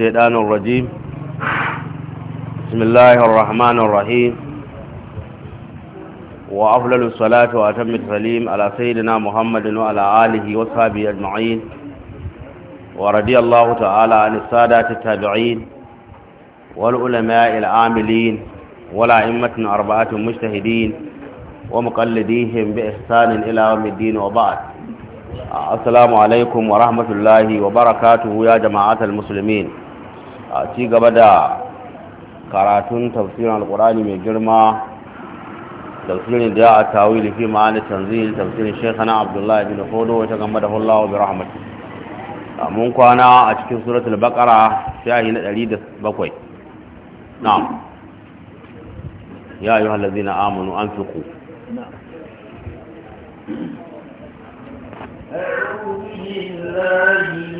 الشيطان الرجيم بسم الله الرحمن الرحيم وأفضل الصلاة وأتم التسليم على سيدنا محمد وعلى آله وصحبه أجمعين ورضي الله تعالى عن السادات التابعين والعلماء العاملين والأئمة أربعة مجتهدين ومقلديهم بإحسان إلى يوم الدين وبعد السلام عليكم ورحمة الله وبركاته يا جماعة المسلمين a ci gaba da karatun tafsirin alkurani mai girma tafsirin da a da fi ma'ana tanzil tafsirin shekana abdullahi bin hudu wata gamba da hullawa bi rahmatu mun kwana a cikin suratul baqara shahi na da bakwai na ya na amunu an fi na'am أعوذ بالله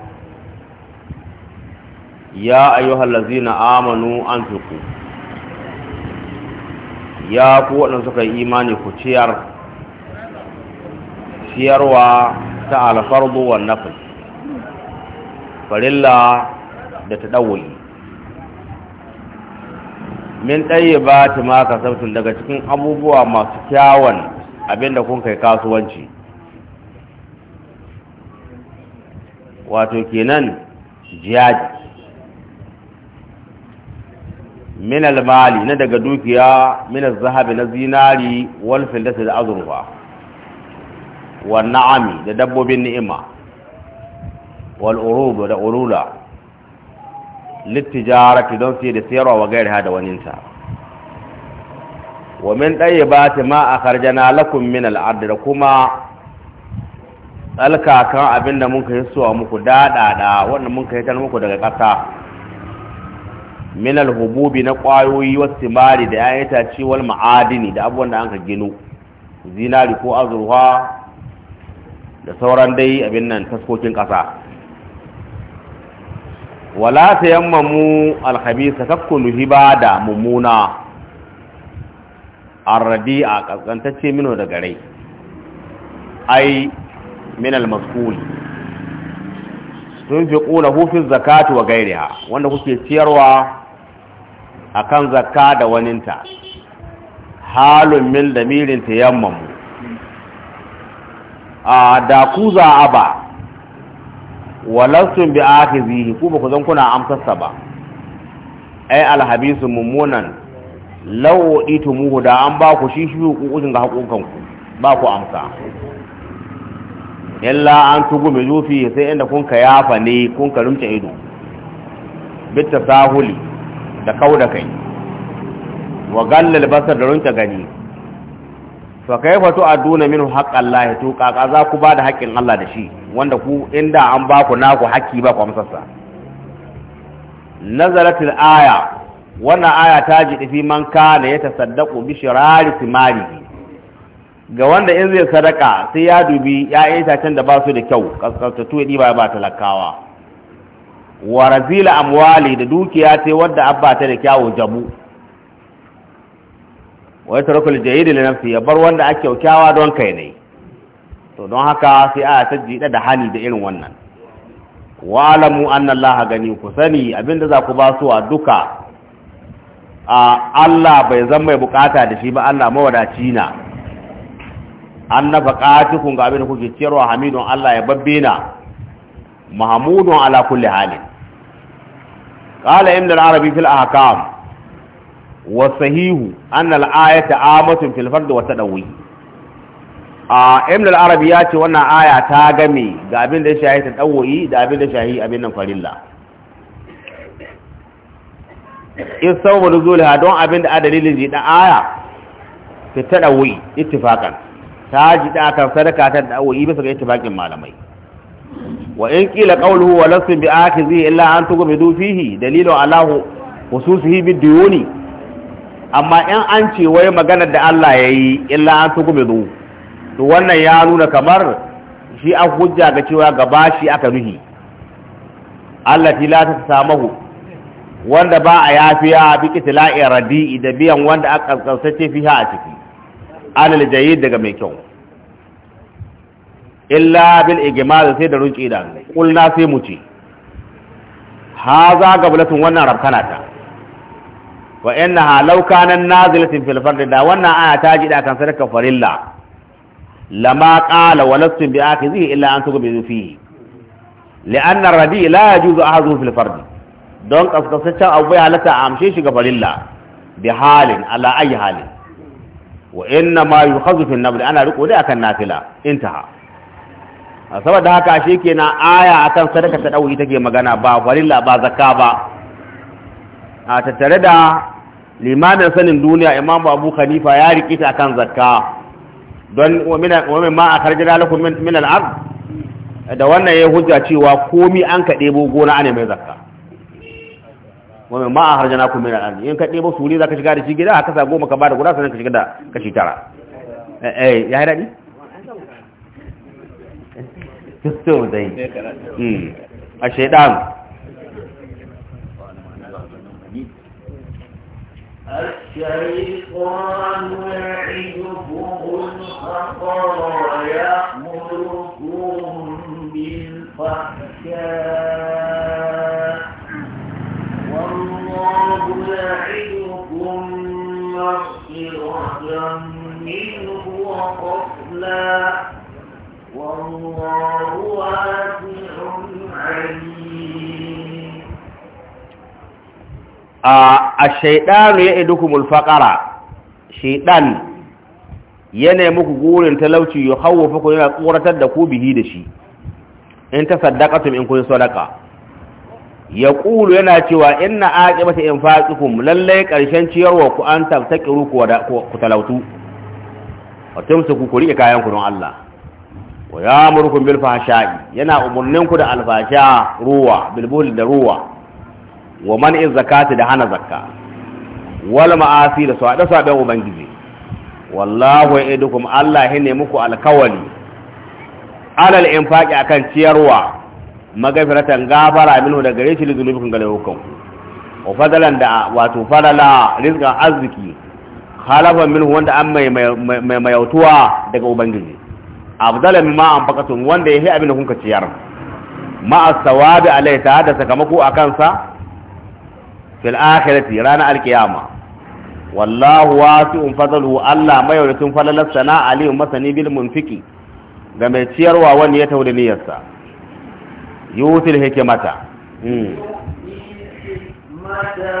ya ayyuhal lazina amanu anfiqu ya ku waɗanda suka yi imani ku ciyar ciyarwa ta alfardu wa nafil farilla da ta ɗawoyi min ɗaye ba ta maka sabtun daga cikin abubuwa masu kyawun abinda kun kai kasuwanci wato kenan jiyaji min almali na daga dukiya min zahabi na zinari wal fildasa da azurfa wal na'ami da dabbobin ni'ima wal urubu da al-ulula littijarati don sai da sayarwa wa gairaha da waninta wa min ɗayyabati ma a karjana lakum min al'adda da kuma tsalkakan abin mun kai suwa muku daɗaɗa wanda mun kai yi muku daga ƙasa min hububi na kwayoyi wasu timari da ‘ya'yan itace wal ma'adini da abubuwan da an gino zinari ko azurwa da sauran dai abin nan taskokin ƙasa wala ta yammamu alhabisa kakkunu hiba da mummuna arradi a ƙasƙantacce mino da gare ai min almaskuli sun fi ƙuna hufin zakatu wa gairiha wanda kuke ciyarwa akan zakka da waninta halun min damirin tayammamu a da ku za a ba walastun bi zihi ku ba ku zan kuna amsarsa ba ai alhabisu mummunan lau ito muhu da an ba ku shi shi hukukin ga hukukanku ba ku amsa illa an tugu mai zufi sai inda kun ka yafa ne kun ka rumce ido bitta sahuli da kau da kai wa gallal basar da runta gani fa kaifa aduna minhu haqqan Allah to kaka za ku bada haƙƙin Allah da shi wanda ku inda an ba ku naku haƙƙi ba ku sa. nazaratul aya wannan aya ta ji fi man kana ya tasaddaqu bi shirari simali ga wanda in zai sadaka sai ya dubi ya yi tacen da ba su da kyau kaskantatu ya ɗiba ba talakawa wa razila amwali da dukiya ce wadda abba ta da kyawu jamu wa ya tarakul jayidi li nafsi ya bar wanda ake kyawa don kai ne to don haka sai a ta da hali da irin wannan wa alamu anna Allah gani ku sani abinda za ku ba su a duka a Allah bai zan mai bukata da shi ba Allah mawadaci na an na kun ga abin da kuke ciyarwa hamidun Allah ya babbe na mahamudun ala kulli halin qala ibn al-arabi fil ahkam wa sahihu anna al-ayata amatun fil fard wa tadawi a ibn arabi ya wannan aya ta game ga abin da ya shahi tadawi da abin da shahi abin nan farilla in sabu nuzulha don abin da adalilin ji da aya fi tadawi ittifaqan ta ji da kan sadaka ta tadawi bisa ga ittifaqin malamai wa in wa قيل bi akhizi illa an أن fihi dalilu دليل khususihi bi بالديون amma in an ce wai maganar da Allah ya yi illa an tuku mai to wannan ya nuna kamar shi an hujja ga cewa gaba shi aka nuhi Allah la ta samahu wanda ba a yafiya bi kitla'i radi da biyan wanda aka kaskasace fiha a ciki alal jayyid daga mai kyau illa bil ijmal sai da runci da Allah kulna sai mu ce haza gablatun wannan rabkana ta wa innaha law kana nazilatin fil fard da wannan aya ta ji da kan sadaka farilla lama qala walastu bi akhihi illa an fi tughmi fihi لأن الرديء لا يجوز أحده في الفرد دون قصقصتها أو بها لتا عمشي شقفل الله halin على أي حال وإنما يخذ في النبل أنا رقو لأك النافلة انتهى saboda haka ke na aya akan sadaka ta ɗauki take magana ba farilla ba zakka ba a tattare da limanin sanin duniya imam abu khalifa ya riƙe ta akan zakka don ma a ma akhrajna lakum min al'ad da wannan ya hujja cewa komi an ka ɗebo gona ne mai zakka wani ma a harjana kuma yana ɗan yin ka ɗebo suri za ka shiga da shi gida a kasa goma ka ba da guda sannan ka shiga da kashi tara eh, eh ya yi daɗi fisto zai a shaidan الشيطان يعدكم الخطر ويأمركم بالفحشاء والله يعدكم مغفرة منه وفضلا والله ya عليم الشيطان يئدكم shaiɗan ya nemi ku gurin talauci ya hawa fuku yana tsoratar da ku bihi da shi in ta saddaqatum in kun sadaka ya ƙulu yana cewa inna aqibata infaqikum lalle karshen ciyarwa ku an tabtaqiru ku talautu wato musu ku riƙe kayan ku don Allah wa ya murkun bil fashai yana umurnin ku da alfasha ruwa bil da ruwa wa iz zakati da hana zakka wal ma'asi da sada saben ubangiji wallahu ya'idukum Allah ne muku alkawali alal infaqi akan ciyarwa magafiratan gafara minhu da gare shi lizunubikum gare hukum wa fadalan da wato fadala rizqan arziki khalafa minhu wanda an mai mai daga ubangiji afdala mimma anfaqatum wanda yahi abin da kun ka ciyar ma as-sawabi alai ta da sakamako akan sa fil akhirati rana al-qiyama wallahu wasi'un fadluhu Allah mai yawaitun falalar sana aliyu masani bil munfiki ga mai ciyarwa wanda ya tauri niyyarsa yutil hikimata hmm. mata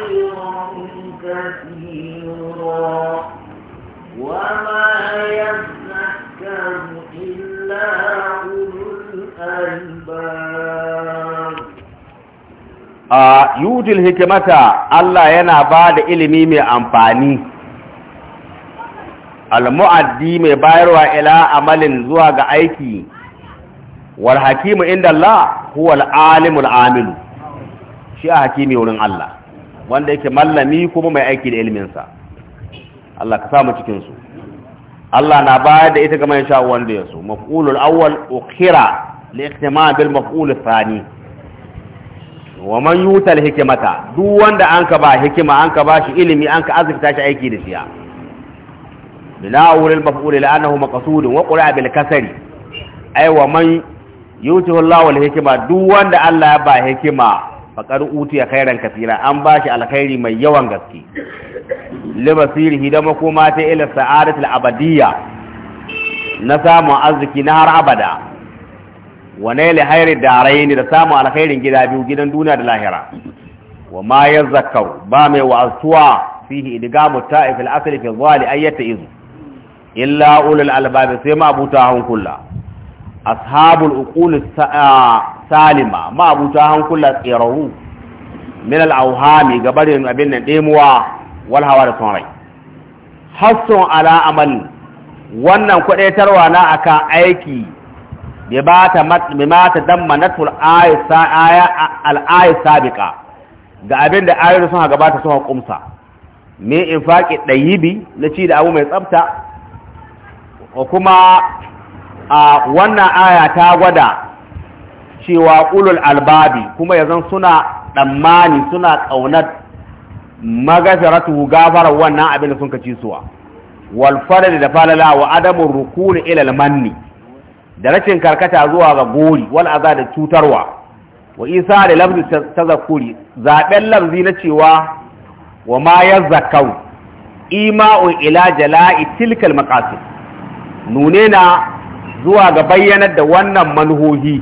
خيرا yutil hikimata Allah yana ba da ilimi mai amfani al-mu'addi mai bayarwa ila amalin zuwa ga aiki wal hakimu inda Allah huwa al-alimul amil shi a hakimi wurin Allah wanda yake mallami kuma mai aiki da ilminsa Allah ka samu cikinsu Allah na bayar da ita ga mai sha'u wanda ya so maf'ulul awwal ukhira li ihtimam bil maf'ul thani wa man yutal hikmata duk wanda an ka ba hikima an ka ba shi ilimi an ka azurta shi aiki da siya bila awwalil maf'ul la'annahu maqsudun wa qura bil kasri ay wa man yutihu Allahu al hikma duk wanda Allah ya ba hikima faƙar utiya khairan kafira an ba shi alkhairi mai yawan gaske libasiri hidama koma ta ila sa'adatul abadiyya na samun arziki na har abada wa da hairi daraini da samun alkhairin gida biyu gidan duniya da lahira wa ma yazakkar ba mai wa'azuwa fihi idgamu ta'if al-asli fi dhali ayyata izu illa ulul albab sai ma abuta hankula ashabul uqul salima ma abuta hankula tsirahu min al-awhami gabarin abin nan demuwa wal hawa da tsorai hasun ala amal wannan tarwa na aka aiki bi ba ta bi ma ta damma natul aisa aya al sabiqa ga abin da ayoyi sun gabata sun hukumsa me infaqi dayibi na ci da abu mai tsafta kuma a wannan aya ta gwada cewa ulul albabi kuma yanzu suna tsammani suna ƙaunar magazaratu gafarar wannan abin da sun kaci suwa wal farad da falala wa rukun ila al manni da rashin karkata zuwa ga gori wal azad da cutarwa wa isa da lafzi zakuri zaben lafzi na cewa wa ma yazakau ima'u ila jala'i tilkal maqasid nune na zuwa ga bayyanar da wannan manhohi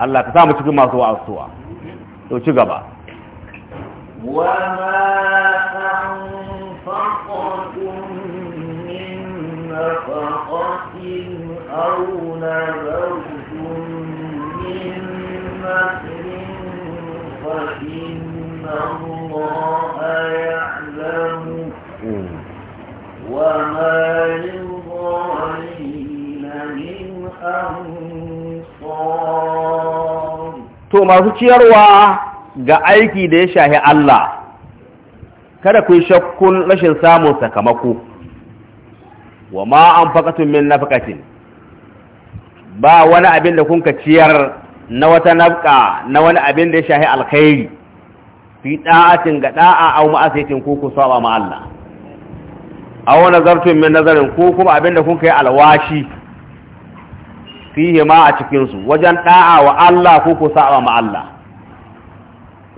Allah ka samu cikin masu wa'azuwa to ci gaba wa ma anfaqtum min nafaqatin To masu ciyarwa ga aiki da ya shahi Allah kada ku shakkun rashin samun sakamako wa ma an fakatun min nafakatin ba wani abin da kun ciyar na wata nafka na wani abin da ya shahi alkhairi fi da'atin ga da'a au ma'asaitin ko ku saba ma Allah wani zartun min nazarin ko kuma da kun yi alwashi fihi ma a cikinsu wajen ɗa'a wa Allah ko ku sa'a ma Allah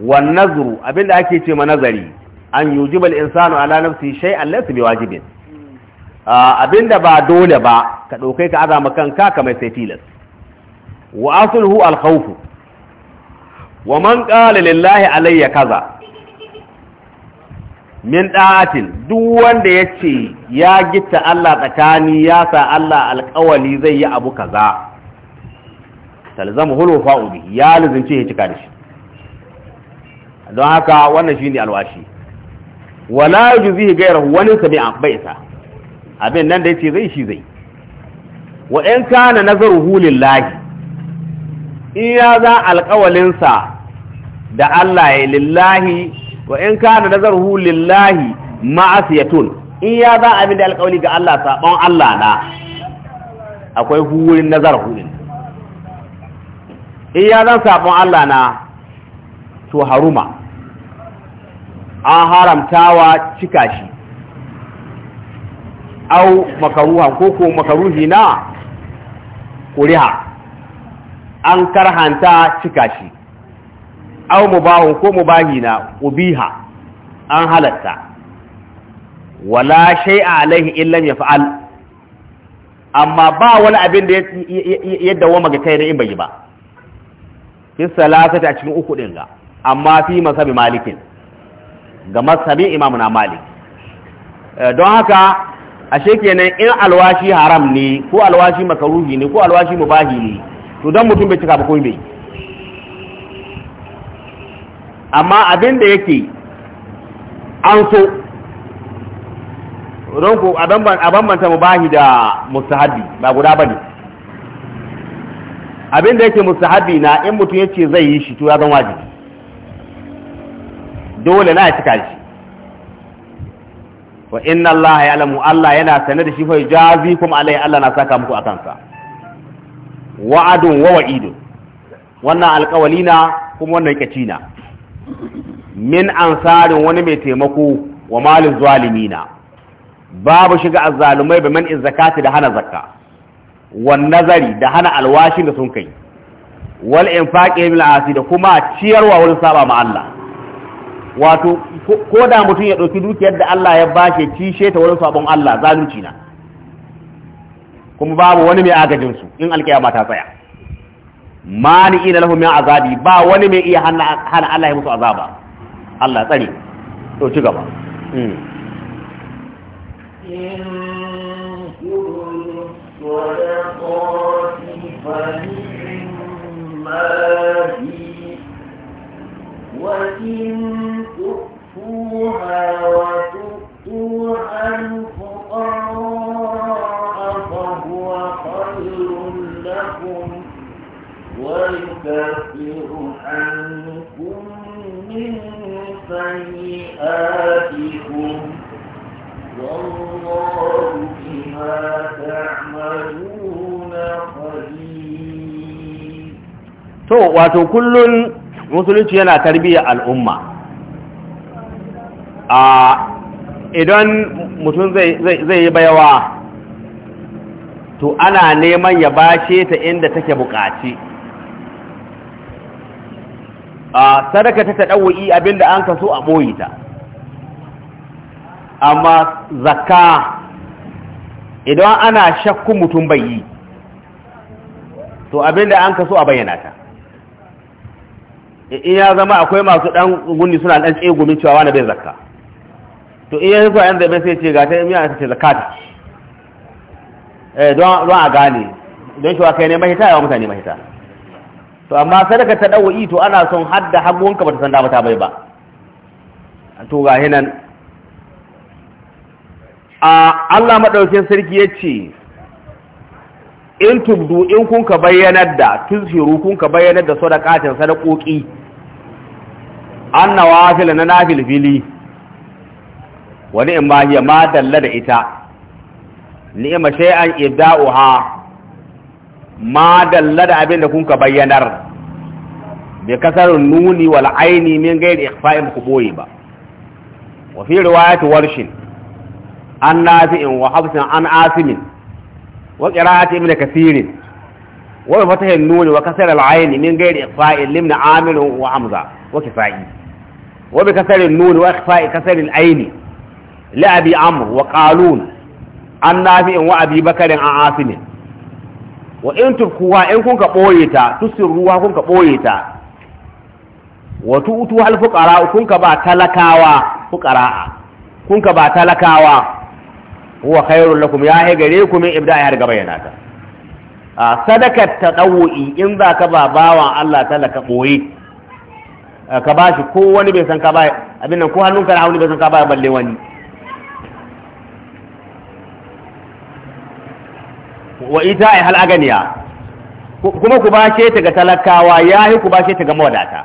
wan nazru abinda ake ce ma nazari an yujibal insanu ala nafsi shay'an laysa biwajibin abinda ba dole ba ka dauke ka azama kanka kamar sai tilas wa asluhu al khawf wa man qala lillahi alayya kaza min da'atin duk wanda ya ce ya gitta Allah tsakani ya sa Allah alƙawali zai yi abu kaza talzamu fa'u bi ya lizince ya cika da shi don haka wannan shine alwashi wala yujzihi ghayrahu wani sabi'a baisa abin nan da yace zai shi zai wa in kana nazaruhu lillahi in ya za sa da Allah ya lillahi wa in kana nazaruhu lillahi ma'asiyatun in ya za abin da alƙawli ga Allah sabon Allah na akwai hurin nazaruhu din in ya zan sabon Allah na to haruma an haramtawa cika shi au makaruhan ko ko makaruhi na kuriha an karhanta cika shi aw mubahun ko mubahina ubiha an halatta wala shay'a alaihi illa yaf'al amma ba wani abin da ya wa maga kai ne in bai ba fi salasati a cikin uku din ga amma fi masabi malikin ga masabi imamuna na malik eh, don haka ashe kenan in alwashi haram ne ko alwashi makaruhi ne ko alwashi mubahi ne to dan mutum bai cika ba ko bai amma abin da yake an so don ku a bambanta mubahi da mustahabi ba guda ba ne abin da yake mustahabi na in mutum ya ce zai yi shi to ya zan wajibi dole na ya cika shi wa inna Allah ya alamu Allah yana sane da shi fa jazi kuma alai Allah na saka muku akan sa wa'adun wa wa'idun wannan alƙawali na kuma wannan kyacina. min ansarin wani mai taimako wa malin zalimina babu shiga azzalumai bi man zakati da hana zakka wan nazari da hana alwashi da sun kai wal infaqi bil asi da kuma ciyarwa wurin saba ma Allah wato ko da mutum ya dauki dukiyar da Allah ya bashi cishe ta wurin sabon Allah zalunci na kuma babu wani mai agajin su in alkiyama ta tsaya mani ina lahu min azabi ba wani mai iya hana Allah ya musu azaba Allah tsare to ci gaba وإن hmm. تؤمنوا wato kullun musulunci yana tarbiyyar al'umma a idan mutum zai yi bayawa to ana neman ya bashe ta inda take bukaci a sadaka ta taɗawo'i abinda an kaso a ɓoyi ta amma zakka idan ana shakku mutum bai yi to abinda an kaso a bayyana ta in ya zama akwai masu dan gunni suna dan tsaye gumin cewa wani bai zakka to in ya zuwa yan bai sai ce ga ta miya ta ce zakata eh don don a gane don cewa kai ne mahita ya mutane mahita to amma sadaka ta dawai to ana son hadda hagunka bata san ba ta bai ba to ga hinan a Allah madaukin sarki yace in tubdu in kun ka bayyanar da tuzhiru kun ka bayyanar da sadaqatin sadaqoki annawa fil na nafil fili wani in ma hiya ma dalla da ita ni'ma shay'an ibda'uha ma dalla da abin da kun ka bayyanar bi kasarun nuni wal aini min ghairi ikhfa'in ku boye ba wa fi riwayat warshin an nafi'in wa habsin an asimin wa qira'ati ibn kathir wa bi fatah an-nun wa kasr al-ayn min ghairi iqfa'i limn amil wa hamza wa kifai wa bi wa ikhfa'i kasr al-ayn wa qalun an nafi'in wa abi bakr an asim wa in in kun ka boye ta kun ka ta wa tu'tu al kun ka ba talakawa huwa khairul lakum ya he gare ku min ibda'i har gaba yana ta a sadakar in za ka ba bawan Allah talaka boye ka bashi ko wani bai san ka ba abin nan ko hannun ka hauni bai san ka ba balle wani wa ita'i hal aganiya kuma ku bashe ta ga talakawa yayi ku bashe ta ga mawadata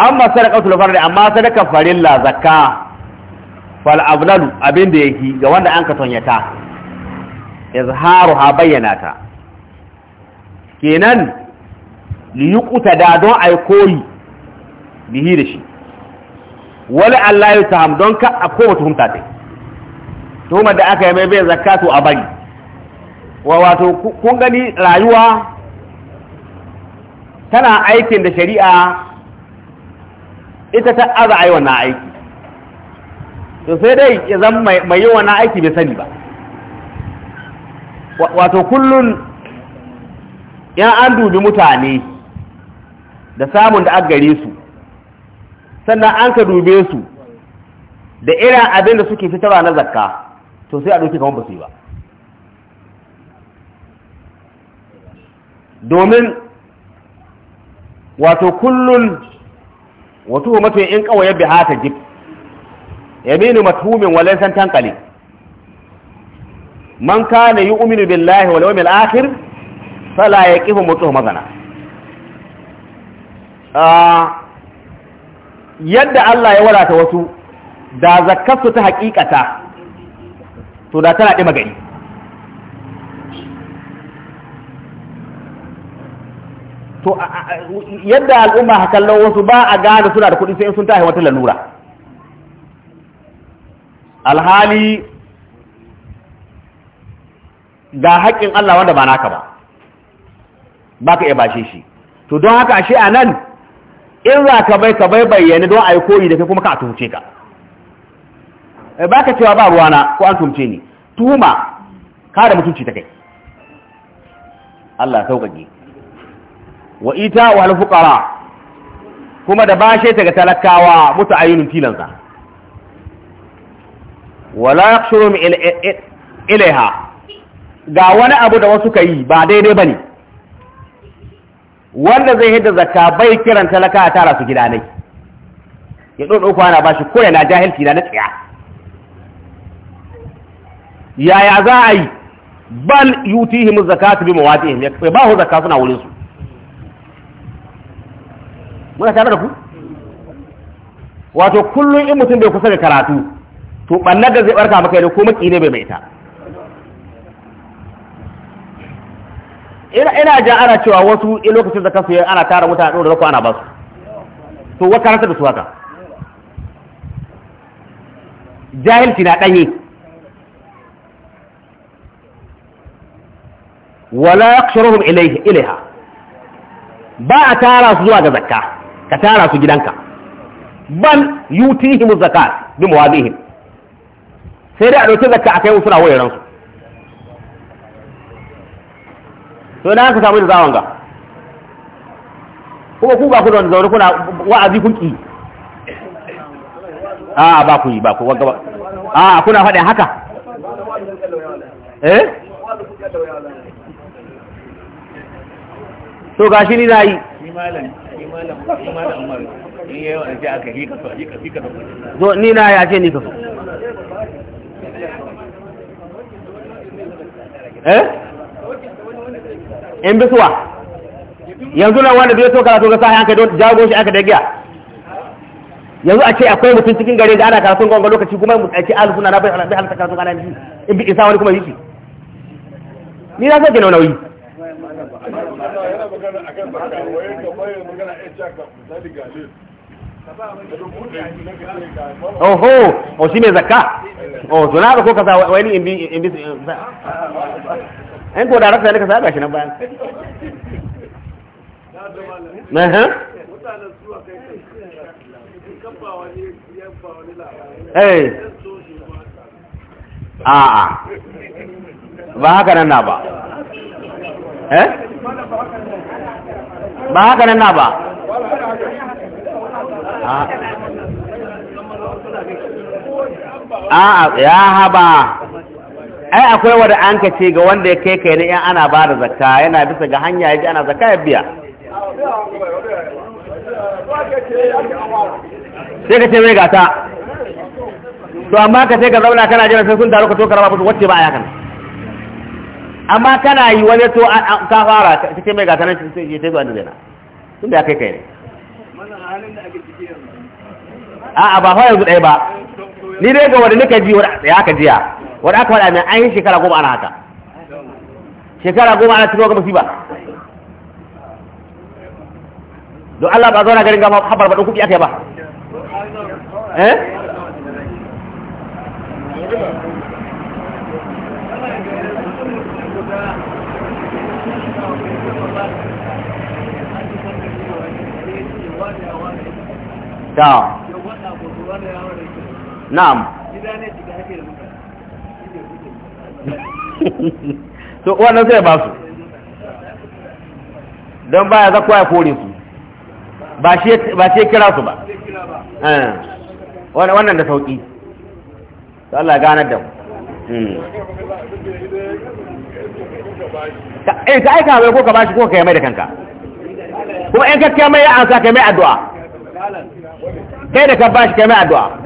amma sadaqatul fard amma sadaka farilla zakka fal abinda abin da yake ga wanda an ka tonyata izharu ha bayyana ta kenan li yuqta da don ay koyi bihi da shi wala Allah ya taham don ka akwai tuhumta ta tuhumar da aka yi mai bai zakatu a bari wato kun gani rayuwa tana aikin da shari'a ita ta aza na wannan aiki to sai dai ya zan mai yi na aiki bai sani ba wato kullun yan an dubi mutane da samun da gare su sannan an ka dube su da irin abin da suke fitarwa na zakka to sai a doki kamar ba su yi ba domin wato kullun wato mutum in kawai bi hata jibi yaminu mathumin wa laysan tanqali man kana yu'minu billahi wal yawmil akhir fala yaqifu mutuhu magana ah, yadda Allah ya wadata wasu da zakkarsu ta hakikata to da tana ɗima gari to yadda al'umma hakallon wasu ba a gane suna da kuɗi sai sun tahi wata lalura alhali ga haƙƙin Allah wanda ba naka ba ba ka iya bashe shi to don haka ashe a nan in za ka bai ka bai bayyane don a yi koyi da kai kuma ka a tumce ka eh, ba ka cewa ba ruwana ko an tumce ni tuhuma ka da mutunci ta kai Allah sauƙaƙe wa ita wa alfuƙara kuma da bashe ta ga talakawa mutu ayinin tilansa wala yaqshurum ilaiha ga wani abu da wasu ka yi ba daidai ba ne wanda zai hidda zakka bai kiran talaka a tara su gida nai ya ɗauka kwana ba shi ko na jahilci na tsaya yaya za a yi bal yutihim zakatu bi mawadihim ya ba hu zakka suna wurin su muna tare da ku wato kullum in mutum bai kusa da karatu to ɓannar da zai ɓarka maka yadda ko maki ne bai mai ta ina ja ana cewa wasu in lokacin da kasu ana tara mutane ɗora ko ana ba su to wata rasa da su haka jahilci na ɗanye wala yakshuruhum ilaiha ba a tara su zuwa ga zakka ka tara su gidanka bal yutihim zakat bi mawadihim sai dai a ɗauki zakka a kai wasu na wayaran su to na ka samu da zawon ga kuma ku ba ku da zaune kuna wa'azi kun ki a ba ku yi ba ku wagga ba a kuna faɗin haka eh to gashi ni na yi ni na ya ce ni ka so eh in bisuwa yanzu nan wanda bai so karatu ga sai an jago shi aka dagiya yanzu a ce akwai mutum cikin gare da ana karatun gonga lokaci kuma mu tsaki alu na bai bai halaka karatun kana shi in bi isa wani kuma yi ni na sake nauna nauyi oho o oh, shi mai zakka oh to na ko ka wani in bi in ko da rasa ne ka gashi nan bayan na ha eh a a ba haka nan na ba eh ba haka nan na ba ah. a'a ya haba ai akwai wanda an ka ce ga wanda ya kai kai ne in ana ba da zakka yana bisa ga hanya yaji ana zakka ya biya sai ka ce mai gata to amma ka sai ka zauna kana jira sai sun taru ka to karama musu wacce ba a yakan amma kana yi wani to ka fara ka ce mai gata nan sai ya tafi zuwa zai na tun da ya kai kai ne a'a ba fa yanzu ɗaya ba ni dai ga wanda nika ji ya ka jiya wanda aka faɗa mai an yi shekara goma ana haka shekara goma ana cikin wata ba don Allah ba zauna garin gama habar ba don kuɗi aka yi ba eh ta na'am to wannan zai ba su don baya za kowa ya kore su ba shi kira su ba eh. wannan da sauki to Allah ganar da mu hmm. eh ka aika mai ko ka bashi ko ka yi mai da kanka kuma in ka kai mai ya ansa kai mai addu'a kai da ka bashi kai mai addu'a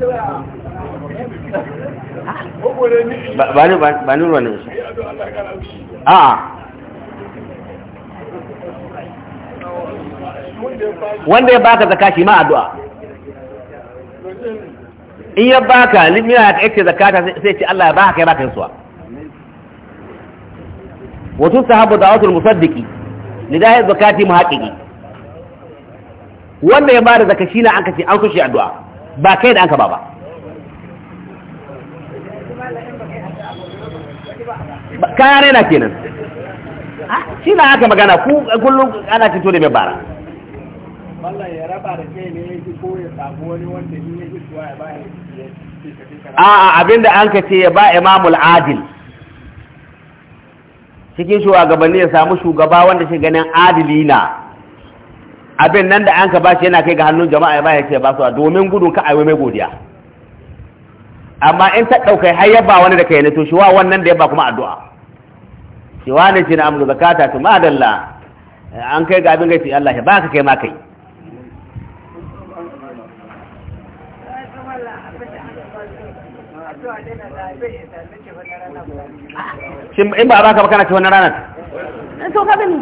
ba ni ba ni a wanda ya baka zaka shi ma addu'a in ya baka limina ka yake zakata sai ce Allah ya baka kai baka yinsuwa wasu sahabu da'awatul musaddiqi lidahi zakati haƙiƙi wanda ya bada zakashi na an kace an kushe addu'a ba kai da an ka ba ba kaya raina kenan ah, shi na haka magana ku kullum ana fito da mai bara a'a abinda an ka ce ya ba imamul adil cikin shugabanni ya samu shugaba wanda shi ganin adilina abin nan da an ka ba shi yana kai ga hannun jama'a ya bayar ce ba su a domin gudun ka aiwe mai godiya amma in ta ɗaukai har ba wani da ka yi to shi wa wannan da ya ba kuma addu'a shi wa ne shi na amru zakata ma dalla an kai ga abin gaci Allah ya ka kai ma kai shin in ba a baka ba kana ci wannan ranar to ka gani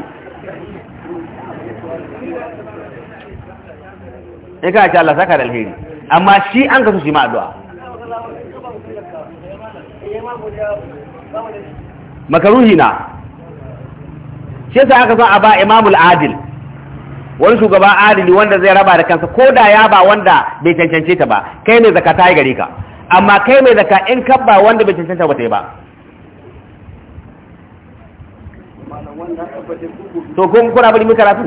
in ka ce Allah saka da alheri amma shi an kasu shi ma addu'a makaruhi na shi sai aka son a ba imamul adil wani shugaba adili wanda zai raba da kansa ko da ya ba wanda bai cancance ta ba kai mai zakata ya gare ka amma kai mai zaka in ka ba wanda bai cancanta ba ta yi ba to kun kuna bari mu karatu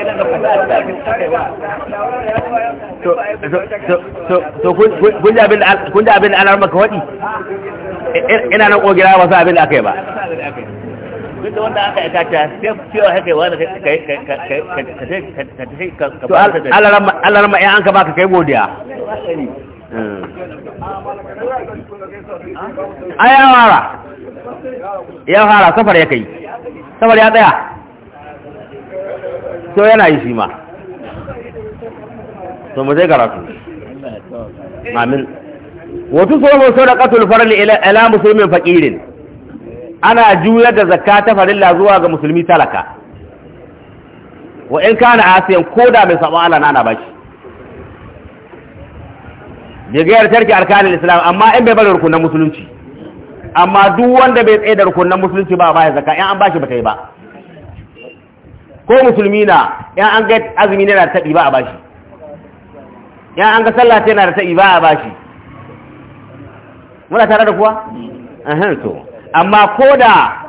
a kun ji abin da waɗi ina nan ƙogira abin da aka yi ba wanda aka ta cewa haka wani ka ka an ka ya fara ya ya kai safar ya tsaya to yana yi shi ma to mu zai karatu amin wato so mu sauka qatul farli ila muslimin faqirin ana juyar da zakka ta farilla zuwa ga musulmi talaka wa in kana asiyan koda mai sabo Allah na bashi bai gayar tarki arkanin islam amma in bai bari rukunan musulunci amma duk wanda bai tsaye da rukunan musulunci ba ba ya zakka in an bashi ba ta yi ba ko musulmi na ya an ga azumi na da taɓi ba a bashi ya an ga sallah ta yana da taɓi ba a bashi muna tare da kuwa ahan to amma ko da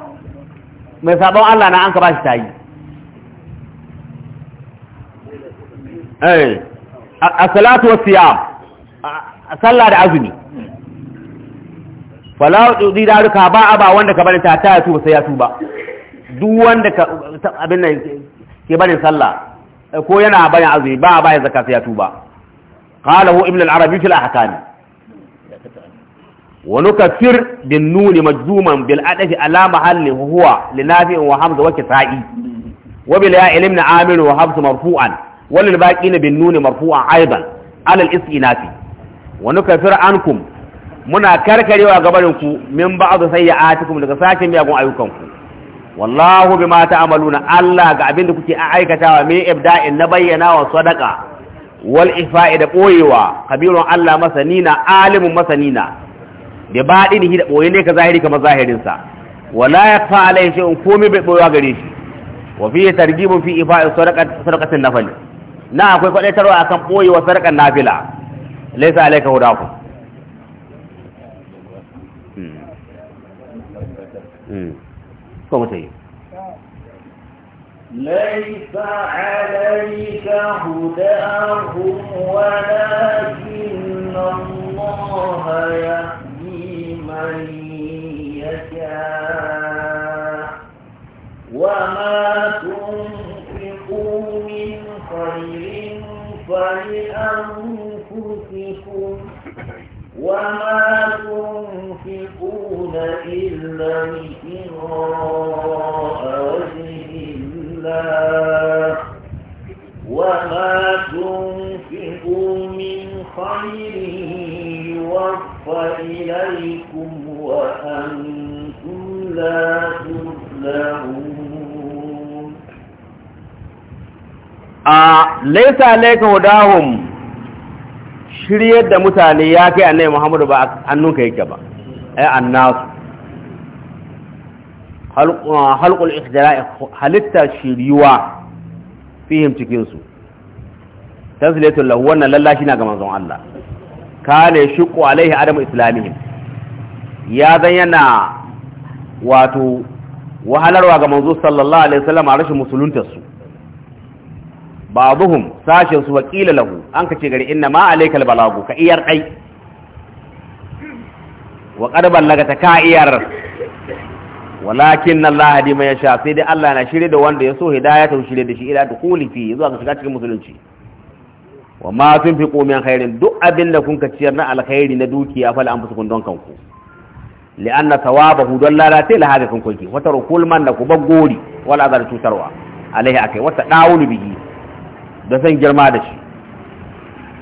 mai sabon Allah na an ka bashi tayi eh as-salatu was-siyam sallah da azumi fala da ruka ba aba wanda ka bari ta ta tuba sai ya ba duk wanda ka abin nan ke barin sallah ko yana bayan azumi ba bayan zakka sai ya tuba qala hu ibn al-arabi fil ahkam wa nukathir bin nun majzuman bil adafi ala mahalli huwa li nafi wa hamza wa kisai wa bil ya ilm amir wa hamza marfu'an wa baki baqina bin nun marfu'an aidan ala al-istinafi wa nukathir ankum muna karkarewa gabarin ku min ba'd sayyi'atikum daga sakin miyagun ayyukanku wallahu bima ta'maluna Allah ga abin da kuke aikatawa me ibda'in na bayyana wa sadaqa wal ifa'i da boyewa kabirun Allah masanina alimun masanina da badinihi da boye ne ka zahiri kamar zahirin sa wala yakfa alai shay'un komai bai boyewa gare shi wa fi targhibun fi ifa'i sadaqat sadaqatin nafil na akwai tarwa akan boyewa sadaqan nafila laysa alayka hmm. hmm. فمتي ليس عليك هداهم ولكن الله يهدي من يشاء وما تنفقوا من خير فلأنفسكم laisa alaika hudahum shiryar da mutane ya kai annai muhammadu ba annunka yake ba ai annasu halqul ihdara'i halitta shiriwa fihim cikin su tasliyatul lahu wannan lallashi na ga manzon Allah kale shiqu alaihi adamu islamihim ya zan yana wato wahalarwa ga manzo sallallahu alaihi wasallam a rashin musuluntar su babuhum sashin su wakila lahu an ce gari inna ma alaikal balagu ka iyar dai wa qad ballagata ka iyar walakin lahadi hadi ya yasha sai dai Allah na shirye da wanda ya so hidayata ta shirye da shi ila dukuli fi zuwa ga shiga cikin musulunci wa ma tunfiqu min khairin duk abin da kun ka ciyar na alkhairi na dukiya fa la anfusukum don kanku li'anna thawabahu don lalatai la hada kun kunki wata rukul gori da ku bagori wala azar a kai akai wata dawulu bihi da san girma da shi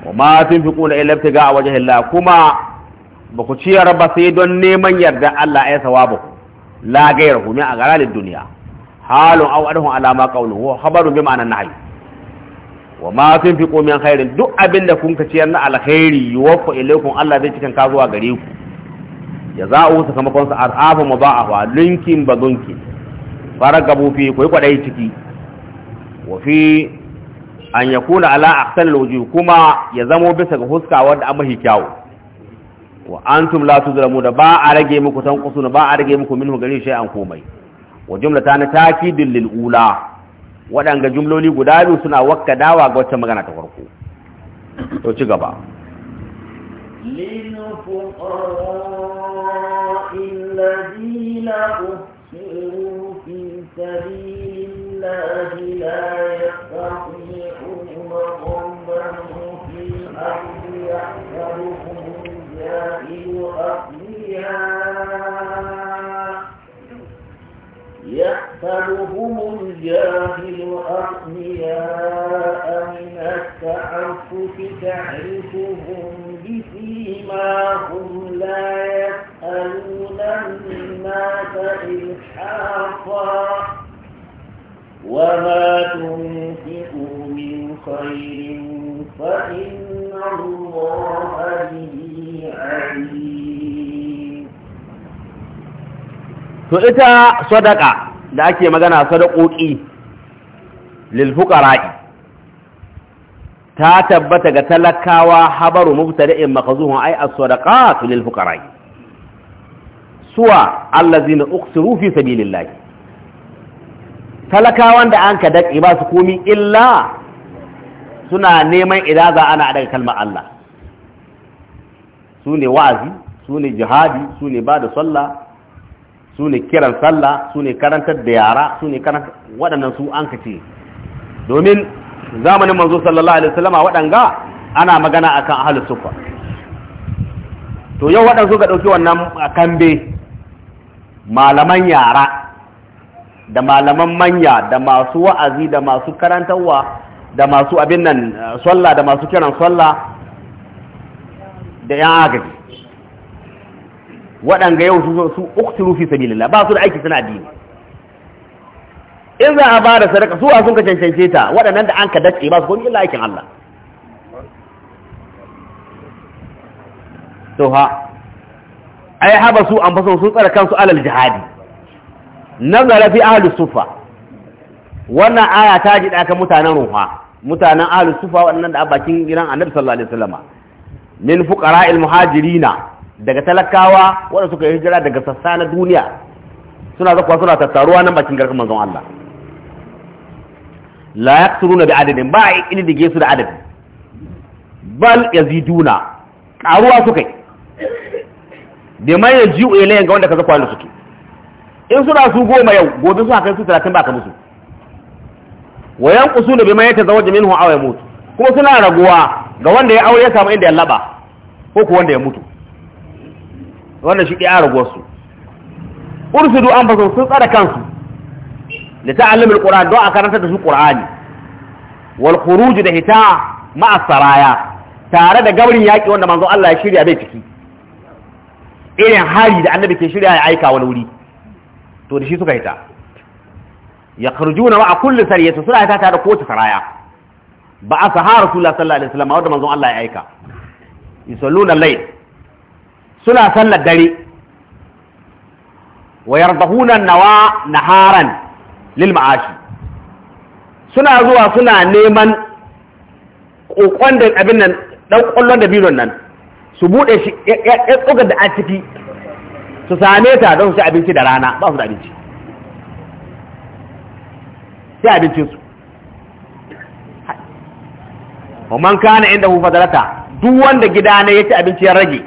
wa ma tunfiquna illa ibtiga wajhi kuma ba ku ciyar ba sai don neman yarda Allah ya ku. la gairuhu a garalin duniya, halun aw adahu ala ma qawluhu khabaru bi ma'anan nahy wa ma fi min khairin duk abinda kun ka ciyar na alkhairi yuwaffa ilaykum Allah zai cikin ka zuwa gare ku jaza'u sakamakon sa arhafu mudha'afa linkin badunkin faragabu fi ku kwadai ciki wa fi an ya kuna ala ahsanil wujuh kuma ya zamo bisa ga huska wanda an mahi kyawu wa antum la tuzlamu da ba a rage muku tanqusu ba a rage muku minhu gari an komai wa na taki lil ula waɗanga jumloli guda biyu suna wakka dawa ga wacce magana ta farko to ci gaba الله لا يستطيعون الجاهل أغنياء من التعفف تعرفهم لا يسألون الناس إلحافا وما تنفقوا من خير فإن الله به To ita صدقة da ake magana sadakoki lil fuqara'i ta tabbata ga talakawa habaru mubtada'in maqzuhun ay as-sadaqatu lil fuqara'i suwa allazina uqsiru fi sabilillahi talakawan da an ka daɗe ba su komi illa suna neman idan za ana daga kalmar Allah su ne wa'azi su ne jihadi su ne ba da sallah su ne kiran sallah su ne karantar da yara su ne karantar waɗannan su an kace domin zamanin manzo sallallahu alaihi wasallama waɗanga ana magana akan ahlus sufa to yau waɗansu ga ɗauki wannan kambe malaman yara da malaman manya da masu wa'azi da masu karantarwa da masu abin nan eh, sallah da masu kiran sallah da yan agaji waɗanga yau su su ukturu fi sabilillah ba su da aiki suna addini in za a ba da sadaka su sun ka cancance ta waɗannan da an ka dace ba su komi illa aikin Allah to ha ai haba su an fasan sun tsara kansu alal jihadi nazara fi ahli sufa wannan aya ta ji daga mutanen ruha mutanen ahli sufa wannan da a bakin gidan annabi sallallahu alaihi wasallama min fuqara'il muhajirina daga talakawa wanda suka yi hijira daga sassa na duniya suna zakwa suna tattaruwa nan bakin garkan manzon Allah la yaqtuluna bi adadin ba a da su da adadin, bal yaziduna karuwa suka yi da mai yaji ilayhin ga wanda ka zakwa suke in suna su goma yau gobe suna kai su talatin ba ka musu wayan kusu ne bima yata jami'in minhu aw yamut kuma suna raguwa ga wanda ya aure ya samu inda ya laba ko ko wanda ya mutu wanda shi ya raguwar su ursudu an sun tsara kansu li ta'allamul qur'an don a karanta da su qur'ani wal khuruj da hita ma'asaraya tare da gaurin yaki wanda manzo Allah ya shirya bai ciki irin hari da annabi ke shirya ya aika wani wuri to da shi suka hita ya karjuna wa a kullum sariyatu suna hita tare kowace saraya ba a sahara sula sallah sallallahu alaihi wasallam wadda manzon Allah ya aika yusalluna layl suna sallar dare wa yardahuna nawa naharan lil ma'ashi suna zuwa suna neman kokon da abin nan dan kullun da bilon nan su bude shi ya tsoga da a ciki su same ta don su ci abinci da rana ba su da abinci sai abincinsu man kana inda hu fadalata duk wanda gida ne yake abinci ya rage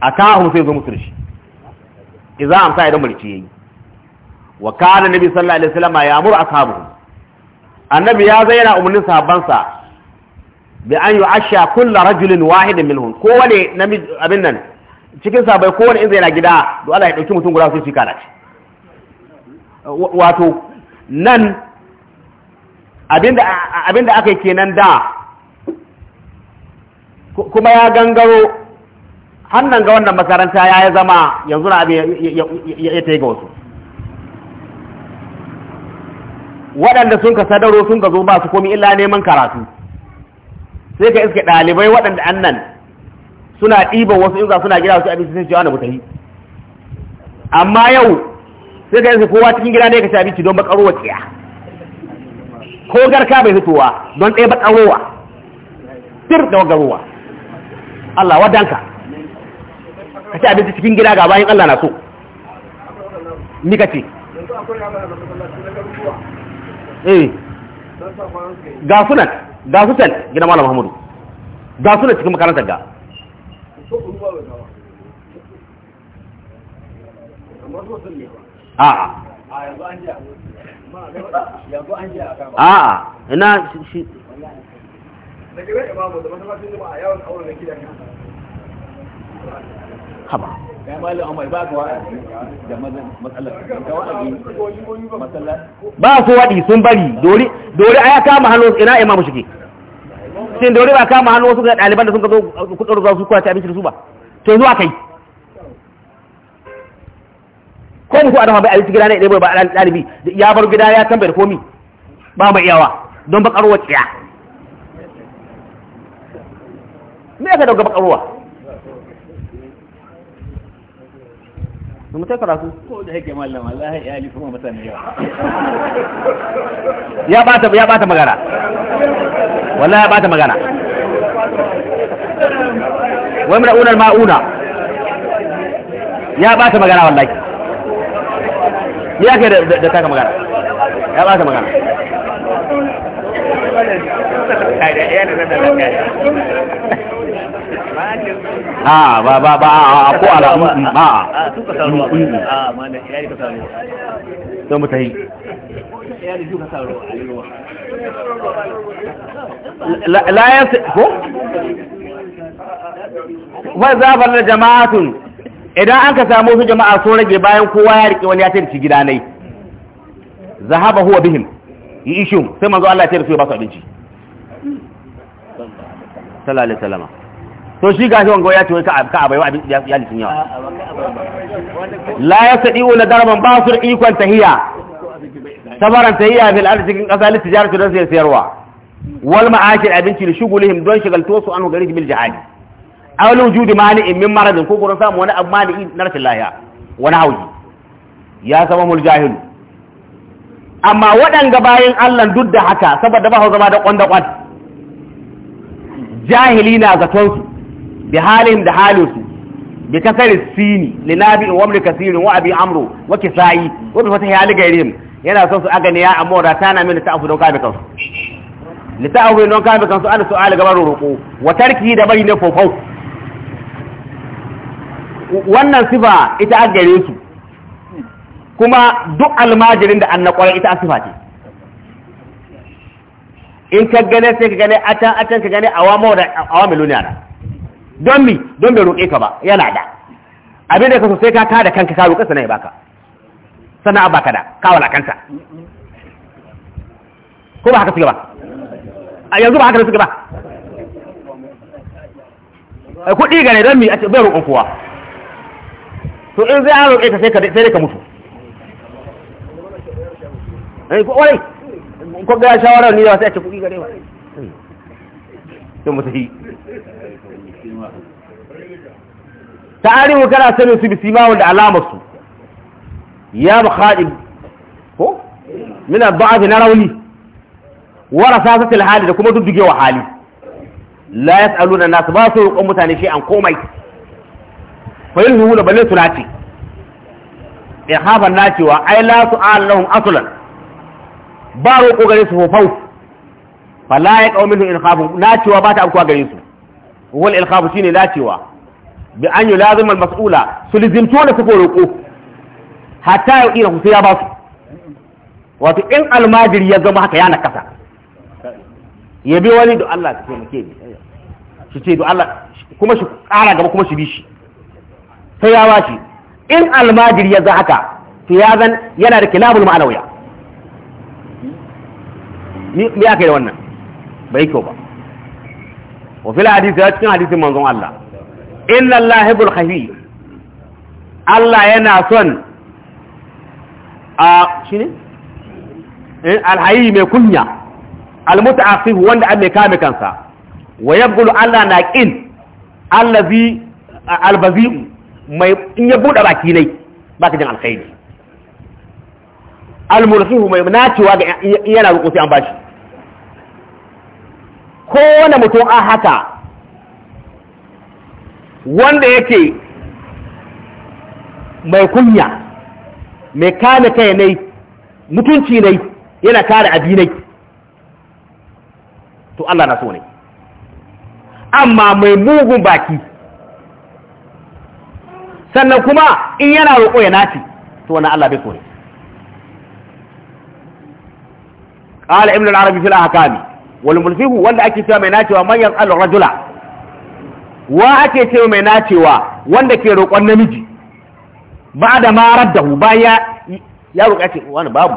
a kahu sai zo musu shi idza amsa idan mulki yayi wa kana nabi sallallahu alaihi wasallam ya amuru ashabu annabi ya zaina umurnin sahabbansa bi an yu'asha kullu rajulin wahidin minhum ko wale namiji abin nan cikin sabai kowane in yana gida to Allah ya dauki mutum guda sai shi kana wato nan abinda aka yi kenan da kuma ya gangaro hannan ga wannan makaranta ya yi zama yanzu na abin ya ta yi ga wasu waɗanda sun ka sadaro sun ka zo ba su komi illa neman karatu sai ka iske ɗalibai waɗanda annan suna ɗiban wasu in suna gida wasu abinci sun cewa na mutane amma yau sai ka yanzu kowa cikin gida ne ka ci abinci don bakarowa tsiya ko garka bai fitowa don ɗaya bakarowa sir da wagarowa Allah wadanka ka ci abinci cikin gida ga bayan Allah na so ni ka ce eh. ga sunan ga sunan gina malam Muhammadu ga sunan cikin makarantar ga a'a ba waɗi sun bari dori a aya kama hannu ina imamu shige sai da wuri ba kama hannu wasu ga ɗaliban da sun gazo zo uh, kudin ruwa su kwace abinci da su ba to zuwa kai ko mu a dafa bai abinci gida ne ɗaya ba ɗalibi ya bar gida ya tambaye da komi ba mai iyawa don bakarwa tsiya me aka dauka bakarwa mutai karatu ko da yake mallam Allah ya yi kuma mutane yawa ya bata ya bata magana wallahi ba ta magana wai mura'unar ma'una ya ba ta magana wallahi ya kai da taka magana ya ba ta magana a ba ba ba a ko ala mm, mm, ba a tuka saruwa a ma ka saruwa to mutahi la ya ko wai zabar da jama'atun idan an ka samu su jama'a sun rage bayan kowa ya rike wani ya tarci gida nai zahaba huwa bihim yi ishin sai manzo Allah ya tarci ba su abinci sallallahu alaihi wasallam to shi gashi wango ya ce wai ka ka wa abin ya litin yawa la yasdi ula darban basur ikon tahiya sabaran yi fil ardi cikin kasa litijaratu don sai sayarwa wal ma'ashir abinci li shugulihim don shigalto su an gari bil jihadi aw li wujudi mani'in min maradin ko gurin samu wani abu mani'in na rashin lahiya wani hauji ya zama mul jahilu amma waɗanga bayan Allah duk da haka saboda ba zama da kwanda jahili na zaton su bi halin da halin su bi kasar sini linabi wa amri kasirin wa abi amru wa kisai wa bi fatahi aligairihim yana son su agani ya amma wadata na min ta'afu don kame kansu ta'afu don kame kansu ana su ala gaban roƙo wa tarki da bari ne fofau wannan sifa ita a gare su kuma duk almajirin da an naƙwarar ita a sifa ce in ka gane sai ka gane a can a can ka gane wa mawada wa miliyoniya na don mi don bai roƙe ka ba yana da abin da ka so sai ka kada kanka ka roƙe sanai baka sannan abba kada ka kanta, ko ba haka suke ba a yanzu ba haka suke ba a kudi ga ne don mi a ce bai roƙon kowa to in zai haro ƙeta sai dai ka mutu kwarai ko ga shawarar ni da sai a ce kudi gare ba to mutu yi ta arihu kana sanin su bisimawan da alamarsu ya mukhadib ko min ba'd na rauni. rauli wa rasasat hali da kuma dudduge wa hali la yasaluna nas ba su roƙon mutane shi an komai fa yulhu la balai sulati ihaban na cewa ai la su lahum aslan ba roƙo gare su fofau fa la ya in ilhabu na cewa ba ta amkuwa gare su wal ilhabu shine la cewa bi an yulazim al mas'ula su lizimto da su roƙo hatta ya ƙira sai ya ba su wato in almajiri ya zama haka ya nakasa ya bi wani da Allah ta taimake ni shi ce da Allah kuma shi ƙara gaba kuma shi bi shi sai ya bashi. in almajiri ya zama haka to ya zan yana da kilabul ma'anawiya me aka yi da wannan bai kyau ba wa fil hadisi ya cikin hadisin manzon Allah inna Allah hibbul khafi Allah yana son a shi ne eh, alhayi mai kunya almuta fi wanda an mai kame kansa wa yabgulu allah na ƙin allazi albazi'u mai in ya buɗe baki nai ba ka jin alkhairi almursihu mai nacewa ga in yana rukusi an bashi kowane mutum an haka wanda yake mai kunya mai kame kai ne mutunci ne yana kare abinai to Allah na so ne amma mai mugun baki sannan kuma in yana roƙo ya nace to wannan Allah bai so ne qala ibn al-arabi fil ahkami wal mulfihu wanda ake cewa mai nacewa man yaqalu rajula wa ake cewa mai nacewa wanda ke roƙon namiji ba da ma raddahu baya ya roƙa wani babu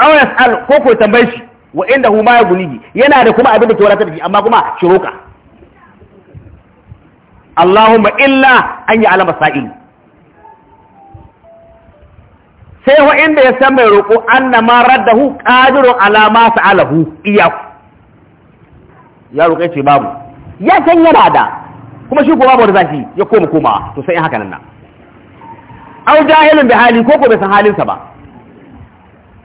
aw yas'al ko ko tambaye shi wa inda indahu ma yughnihi yana da kuma abin da ke wadatar da shi amma kuma shi roƙa Allahumma illa an ya alama sa'in sai wa inda ya san mai roƙo anna ma raddahu qadirun ala ma sa'alahu iyaku ya roƙe ce babu ya san yana da kuma shi ko babu wanda zaki ya koma koma to sai haka nan na au jahilin bi hali ko ko bai san halin sa ba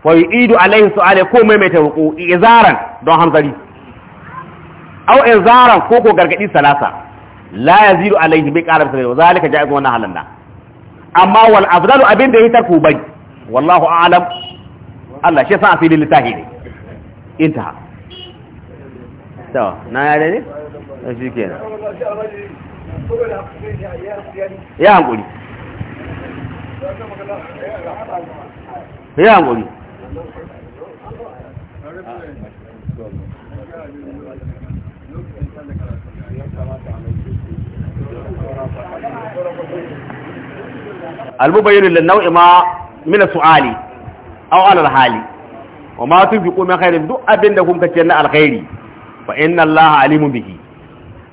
fa yu'idu alaihi su'ala ko mai mai tawqu izaran don hanzari au izaran ko ko gargadi salasa la yazidu alaihi bi qarab salasa zalika ja'a wannan halan na amma wal afdalu abin da yake ku bai wallahu a'lam Allah shi sa asilin litahiri intaha to na yare ne shi kenan ya hankuri ya المبين للنوع ما من السؤال أو على الحال وما تنفقوا من خير دو أبن لكم كتيرنا الخير فإن الله عليم به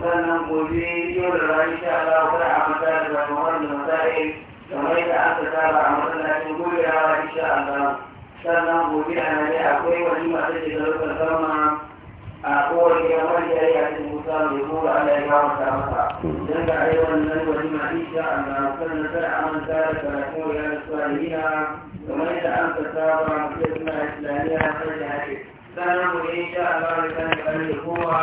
sannan gobe yau da rani sha Allah kuna a mata da zamuwar da masa'il kamar yadda an ta saba a masallacin gobe rawa insha Allah sannan gobe a nan akwai wani masu ce da rukun sama a kowace yamar da ya yi musa mai kowa Allah ya kawo ta masa don ga ayi wannan wani ma insha Allah sannan sai a manta da karatu ya da suwalina kamar yadda an ta saba mutum suna islamiyya sai da hake sannan gobe insha Allah da kan da kowa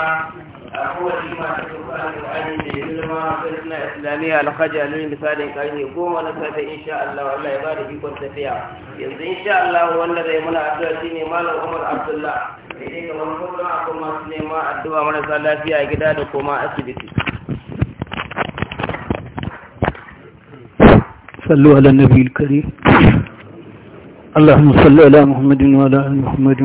islamiyya alhaji alimin misalin karni goma insha Allah ya ba da ikon tafiya yanzu insha Allah wanda zai muna addu'a Umar Abdullah da kamar kuma masu nema addu'a marasa lafiya a gida da koma asibiti